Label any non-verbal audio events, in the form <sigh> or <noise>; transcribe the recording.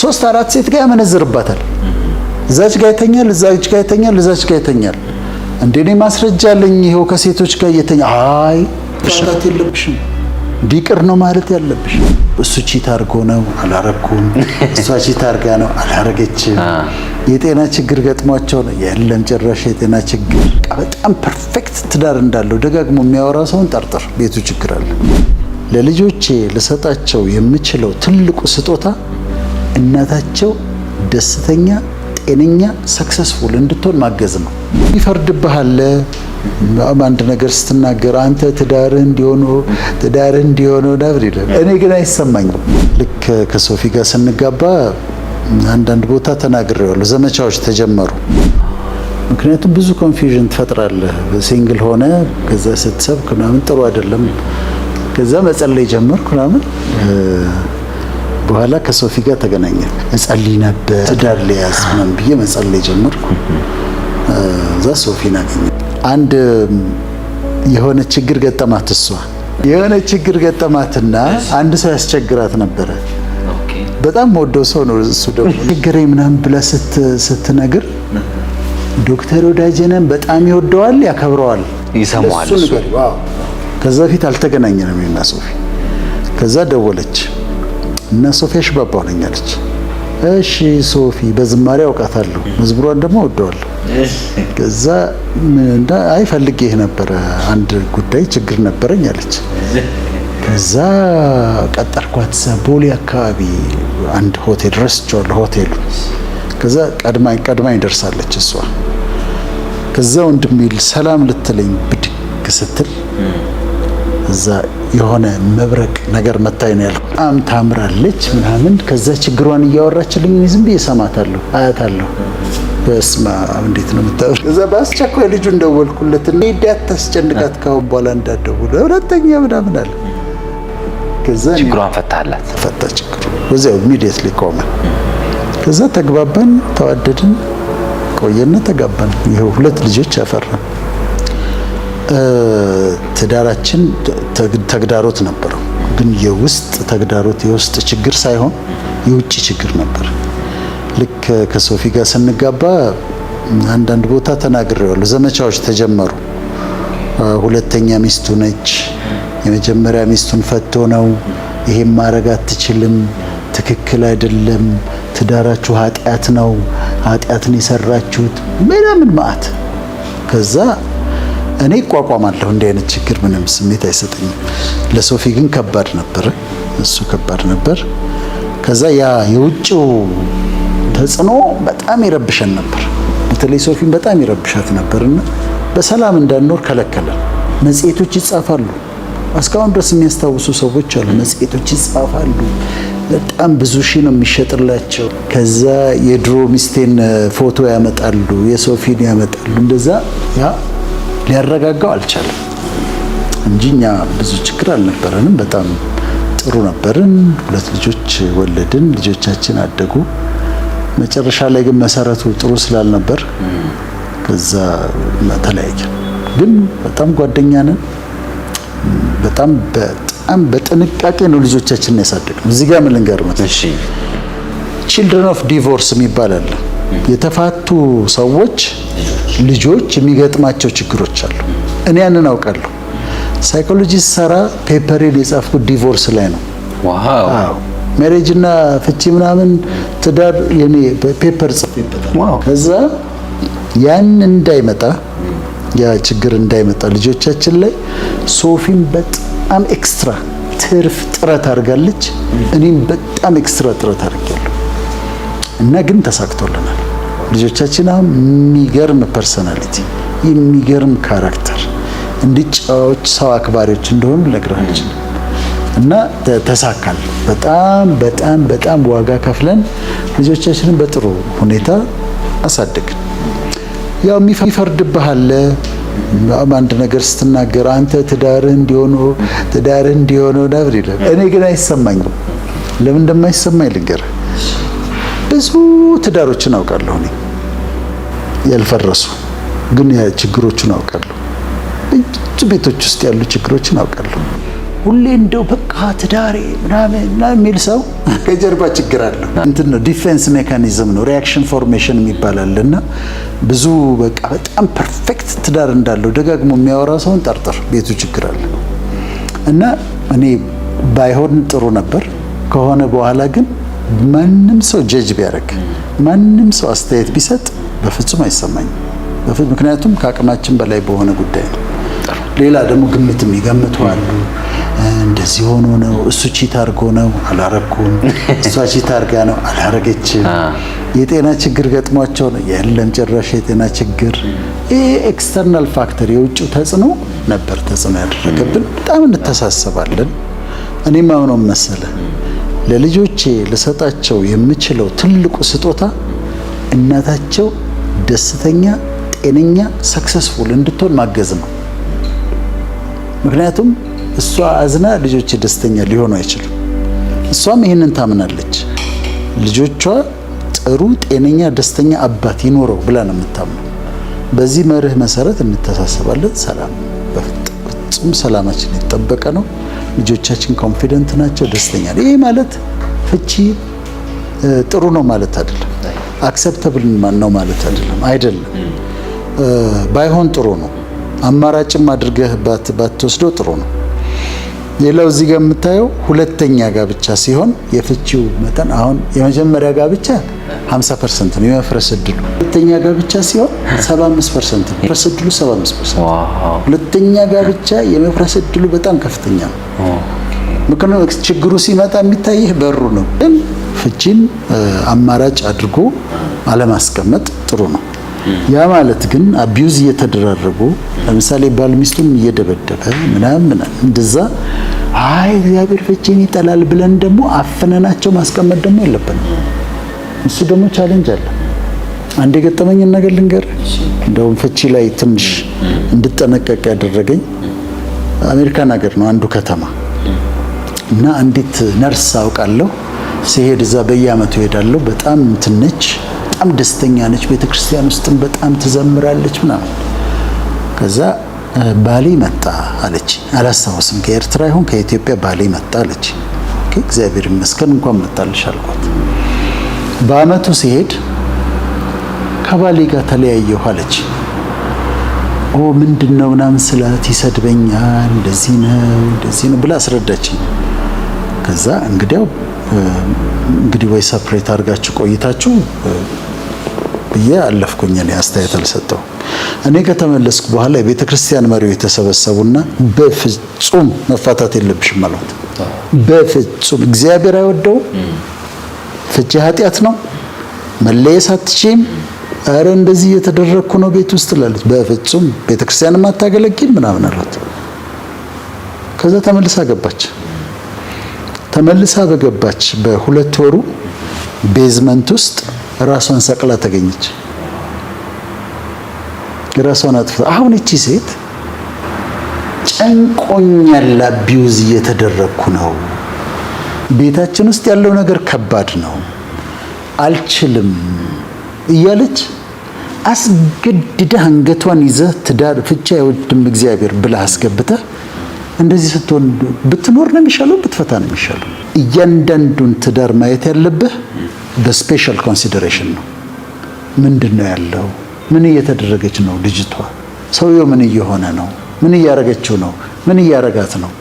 ሶስት አራት ሴት ጋር ያመነዝርባታል። እዛች ጋር ይተኛል፣ እዛች ጋር ይተኛል፣ እዛች ጋር ይተኛል። እንደ እኔ ማስረጃ አለኝ፣ ይሄው ከሴቶች ጋር እየተኛ አይ ሻታት የለብሽም ዲቅር ነው ማለት ያለብሽ። እሱ ቺት አድርጎ ነው አላረኩም፣ እሷ ቺት አድርጋ ነው አላረገችም፣ የጤና ችግር ገጥሟቸው ነው የለም፣ ጭራሽ የጤና ችግር። በጣም ፐርፌክት ትዳር እንዳለው ደጋግሞ የሚያወራ ሰውን ጠርጥር፣ ቤቱ ችግር አለ። ለልጆቼ ልሰጣቸው የምችለው ትልቁ ስጦታ እናታቸው ደስተኛ፣ ጤነኛ፣ ሰክሰስፉል እንድትሆን ማገዝ ነው። ይፈርድብሃል አንድ ነገር ስትናገር አንተ ትዳርህ እንዲሆኑ ትዳርህ እንዲሆኑ ነብር ይላል። እኔ ግን አይሰማኝም። ልክ ከሶፊ ጋር ስንጋባ አንዳንድ ቦታ ተናግሬዋለሁ። ዘመቻዎች ተጀመሩ። ምክንያቱም ብዙ ኮንፊውዥን ትፈጥራለህ። ሲንግል ሆነ ከዛ ስትሰብክ ምናምን ጥሩ አይደለም። ከዛ መጸለይ ጀመርኩ ምናምን በኋላ ከሶፊ ጋር ተገናኘ። እጸልይ ነበር ትዳር ሊያዝ ምን ብዬ መጸለይ ጀመርኩ። እዛ ሶፊን አገኘ። አንድ የሆነ ችግር ገጠማት እሷ የሆነ ችግር ገጠማትና አንድ ሰው ያስቸግራት ነበረ። በጣም ወደው ሰው ነው እሱ ደግሞ ችግሬ ምናምን ብላ ስትነግር ዶክተር ወዳጀነን በጣም ይወደዋል፣ ያከብረዋል፣ ይሰማዋል። ከዛ ፊት አልተገናኘንም እና ሶፊ ከዛ ደወለች እና ሶፊ አሽባባው ነኝ አለች። እሺ ሶፊ በዝማሬ አውቃታለሁ፣ መዝሙሯን ደግሞ እወደዋለሁ። ከዛ እንዳ አይ ይሄ ነበረ አንድ ጉዳይ ችግር ነበረኝ አለች። ከዛ ቀጠርኳት ቦሌ አካባቢ አንድ ሆቴል ረስቼዋለሁ ሆቴሉ። ከዛ ቀድማኝ ቀድማኝ ደርሳለች እሷ። ከዛ ወንድሜ ሰላም ልትለኝ ብድግ ስትል እዛ የሆነ መብረቅ ነገር መታይ ነው ያልኩት። በጣም ታምራለች ምናምን። ከዛ ችግሯን እያወራችልኝ ዝም ብዬ እሰማታለሁ፣ አያታለሁ። በስመ አብ እንዴት ነው የምታወራው? ከዛ በአስቸኳይ ልጁ እንደወልኩለት ሄዳ ታስጨንቃት፣ ካሁን በኋላ እንዳትደውል ሁለተኛ ምናምን አለ። ከዛ ችግሯን ፈታላት፣ ፈታ ችግሩ በዚያው ኢሚዲየትሊ ቆመ። ከዛ ተግባባን፣ ተዋደድን፣ ቆየና ተጋባን። ይኸው ሁለት ልጆች አፈራን። ትዳራችን ተግዳሮት ነበረው። ግን የውስጥ ተግዳሮት የውስጥ ችግር ሳይሆን የውጭ ችግር ነበር። ልክ ከሶፊ ጋር ስንጋባ አንዳንድ ቦታ ተናግሬዋለሁ። ዘመቻዎች ተጀመሩ። ሁለተኛ ሚስቱ ነች። የመጀመሪያ ሚስቱን ፈቶ ነው ይሄም ማድረግ አትችልም፣ ትክክል አይደለም፣ ትዳራችሁ ኃጢአት ነው፣ ኃጢአትን የሰራችሁት ምናምን ማለት ከዛ እኔ እቋቋማለሁ፣ እንዲህ አይነት ችግር ምንም ስሜት አይሰጠኝም። ለሶፊ ግን ከባድ ነበር፣ እሱ ከባድ ነበር። ከዛ ያ የውጭው ተጽዕኖ በጣም ይረብሸን ነበር። በተለይ ሶፊን በጣም ይረብሻት ነበርና በሰላም እንዳንኖር ከለከለን። መጽሔቶች ይጻፋሉ፣ እስካሁን ድረስ የሚያስታውሱ ሰዎች አሉ። መጽሔቶች ይጻፋሉ፣ በጣም ብዙ ሺህ ነው የሚሸጥላቸው። ከዛ የድሮ ሚስቴን ፎቶ ያመጣሉ፣ የሶፊን ያመጣሉ። እንደዛ ያ ሊያረጋጋው አልቻለም እንጂ እኛ ብዙ ችግር አልነበረንም። በጣም ጥሩ ነበርን። ሁለት ልጆች ወለድን። ልጆቻችን አደጉ። መጨረሻ ላይ ግን መሰረቱ ጥሩ ስላልነበር ከዛ ተለያየን። ግን በጣም ጓደኛ ነን። በጣም በጣም በጥንቃቄ ነው ልጆቻችንን ያሳደግነው። እዚህ ጋር ምን ልንገርመት፣ ቺልድረን ኦፍ ዲቮርስ የሚባል አለ የተፋቱ ሰዎች ልጆች የሚገጥማቸው ችግሮች አሉ። እኔ ያንን አውቃለሁ። ሳይኮሎጂስት ሰራ ፔፐሬን የጻፍኩት ዲቮርስ ላይ ነው። ዋው ሜሬጅ እና ፍቺ ምናምን ትዳር የኔ ፔፐር ጽፌበታል። ከዛ ያን እንዳይመጣ ያ ችግር እንዳይመጣ ልጆቻችን ላይ ሶፊን በጣም ኤክስትራ ትርፍ ጥረት አድርጋለች። እኔም በጣም ኤክስትራ ጥረት አድርጋለሁ። እና ግን ተሳክቶልናል። ልጆቻችን አሁን የሚገርም ፐርሰናሊቲ፣ የሚገርም ካራክተር እንዲጫዎች ሰው አክባሪዎች እንደሆኑ ነግራችን እና ተሳካል። በጣም በጣም በጣም ዋጋ ከፍለን ልጆቻችንን በጥሩ ሁኔታ አሳደግን። ያው የሚፈርድብህ አለ። አንድ ነገር ስትናገር አንተ ትዳርህ እንዲሆኑ ትዳርህ እንዲሆኑ ነብር ይለ እኔ ግን አይሰማኝም። ለምን እንደማይሰማኝ ልንገርህ ብዙ ትዳሮችን አውቃለሁ እኔ ያልፈረሱ ግን ችግሮቹን አውቃለሁ። ብዙ ቤቶች ውስጥ ያሉ ችግሮችን አውቃለሁ። ሁሌ እንደው በቃ ትዳሬ ምናምን ምናምን የሚል ሰው <laughs> ከጀርባ ችግር አለው። እንትን ነው ዲፌንስ ሜካኒዝም ነው ሪያክሽን ፎርሜሽን የሚባላል እና ብዙ በቃ በጣም ፐርፌክት ትዳር እንዳለው ደጋግሞ የሚያወራ ሰውን ጠርጥር፣ ቤቱ ችግር አለ እና እኔ ባይሆን ጥሩ ነበር ከሆነ በኋላ ግን ማንም ሰው ጀጅ ቢያደርግ ማንም ሰው አስተያየት ቢሰጥ በፍጹም አይሰማኝም። ምክንያቱም ከአቅማችን በላይ በሆነ ጉዳይ ነው። ሌላ ደግሞ ግምት የሚገምቱ አሉ። እንደዚህ ሆኖ ነው እሱ ቺት አድርጎ ነው አላረኩም፣ እሷ ቺት አድርጋ ነው አላረገችም፣ የጤና ችግር ገጥሟቸው ነው የለም ጭራሽ የጤና ችግር። ይህ ኤክስተርናል ፋክተር የውጭው ተጽዕኖ ነበር ተጽዕኖ ያደረገብን። በጣም እንተሳሰባለን። እኔም አሁነው መሰለ ለልጆቼ ልሰጣቸው የምችለው ትልቁ ስጦታ እናታቸው ደስተኛ፣ ጤነኛ፣ ሰክሰስፉል እንድትሆን ማገዝ ነው። ምክንያቱም እሷ አዝና ልጆቼ ደስተኛ ሊሆኑ አይችሉም። እሷም ይህንን ታምናለች። ልጆቿ ጥሩ፣ ጤነኛ፣ ደስተኛ አባት ይኖረው ብላ ነው የምታምነው። በዚህ መርህ መሰረት እንተሳሰባለን። ሰላም ፍጹም ሰላማችን የተጠበቀ ነው። ልጆቻችን ኮንፊደንት ናቸው፣ ደስተኛ ነው። ይህ ማለት ፍቺ ጥሩ ነው ማለት አይደለም፣ አክሰፕተብል ነው ማለት አይደለም። አይደለም ባይሆን ጥሩ ነው። አማራጭም አድርገህ ባትወስደው ጥሩ ነው። ሌላው እዚህ ጋር የምታየው ሁለተኛ ጋብቻ ሲሆን የፍቺው መጠን አሁን የመጀመሪያ ጋብቻ 50 ፐርሰንት ነው የመፍረስ እድሉ። ሁለተኛ ጋብቻ ሲሆን 75 ፐርሰንት ነው የመፍረስ እድሉ 75 ፐርሰንት። ሁለተኛ ጋብቻ የመፍረስ እድሉ በጣም ከፍተኛ ነው። ምክንያቱም ችግሩ ሲመጣ የሚታይህ በሩ ነው። ግን ፍቺን አማራጭ አድርጎ አለማስቀመጥ ጥሩ ነው። ያ ማለት ግን አቢዩዝ እየተደራረጉ ለምሳሌ ባል እየደበደበ ምናምን እንደዛ አይ እግዚአብሔር ፍቺን ይጠላል ብለን ደግሞ አፍነናቸው ማስቀመጥ ደግሞ የለብንም። እሱ ደግሞ ቻሌንጅ አለ። አንድ የገጠመኝን ነገር ልንገር፣ እንደውም ፍቺ ላይ ትንሽ እንድጠነቀቅ ያደረገኝ አሜሪካን ሀገር ነው አንዱ ከተማ እና አንዲት ነርስ አውቃለሁ ሲሄድ እዛ በየአመቱ ይሄዳለሁ። በጣም ትንች በጣም ደስተኛ ነች። ቤተክርስቲያን ውስጥም በጣም ትዘምራለች ምናምን። ከዛ ባሌ መጣ አለች። አላስታውስም ከኤርትራ ይሁን ከኢትዮጵያ ባሌ መጣ አለች። እግዚአብሔር ይመስገን እንኳን መጣልሽ አልኳት። በአመቱ ሲሄድ ከባሌ ጋር ተለያየሁ አለች። ኦ ምንድን ነው ምናምን ስላት ይሰድበኛል፣ እንደዚህ ነው እንደዚህ ነው ብላ አስረዳችኝ። ከዛ እንግዲያው እንግዲህ ወይ ሰፕሬት አድርጋችሁ ቆይታችሁ ብዬ አለፍኩኝ። እኔ አስተያየት አልሰጠው። እኔ ከተመለስኩ በኋላ የቤተ ክርስቲያን መሪው የተሰበሰቡና በፍጹም መፋታት የለብሽም አሏት። በፍጹም እግዚአብሔር አይወደው ፍቺ ኃጢአት ነው፣ መለየስ አትችም። አረ እንደዚህ እየተደረግኩ ነው ቤት ውስጥ ላሉት፣ በፍጹም ቤተ ክርስቲያን ማታገለግል ምናምን አሏት። ከዛ ተመልሳ ገባች። ተመልሳ በገባች በሁለት ወሩ ቤዝመንት ውስጥ ራሷን ሰቅላ ተገኘች። ራሷን አጥፍታ አሁን እቺ ሴት ጨንቆኛል፣ አቢውዝ እየተደረግኩ ነው፣ ቤታችን ውስጥ ያለው ነገር ከባድ ነው፣ አልችልም እያለች አስገድደህ አንገቷን ይዘህ ትዳር ፍቻ አይወድም እግዚአብሔር ብለህ አስገብተህ እንደዚህ ስትሆን ብትኖር ነው የሚሻለው፣ ብትፈታ ነው የሚሻለው። እያንዳንዱን ትዳር ማየት ያለብህ በስፔሻል ኮንሲደሬሽን ነው። ምንድን ነው ያለው? ምን እየተደረገች ነው ልጅቷ? ሰውየው ምን እየሆነ ነው? ምን እያረገችው ነው? ምን እያረጋት ነው?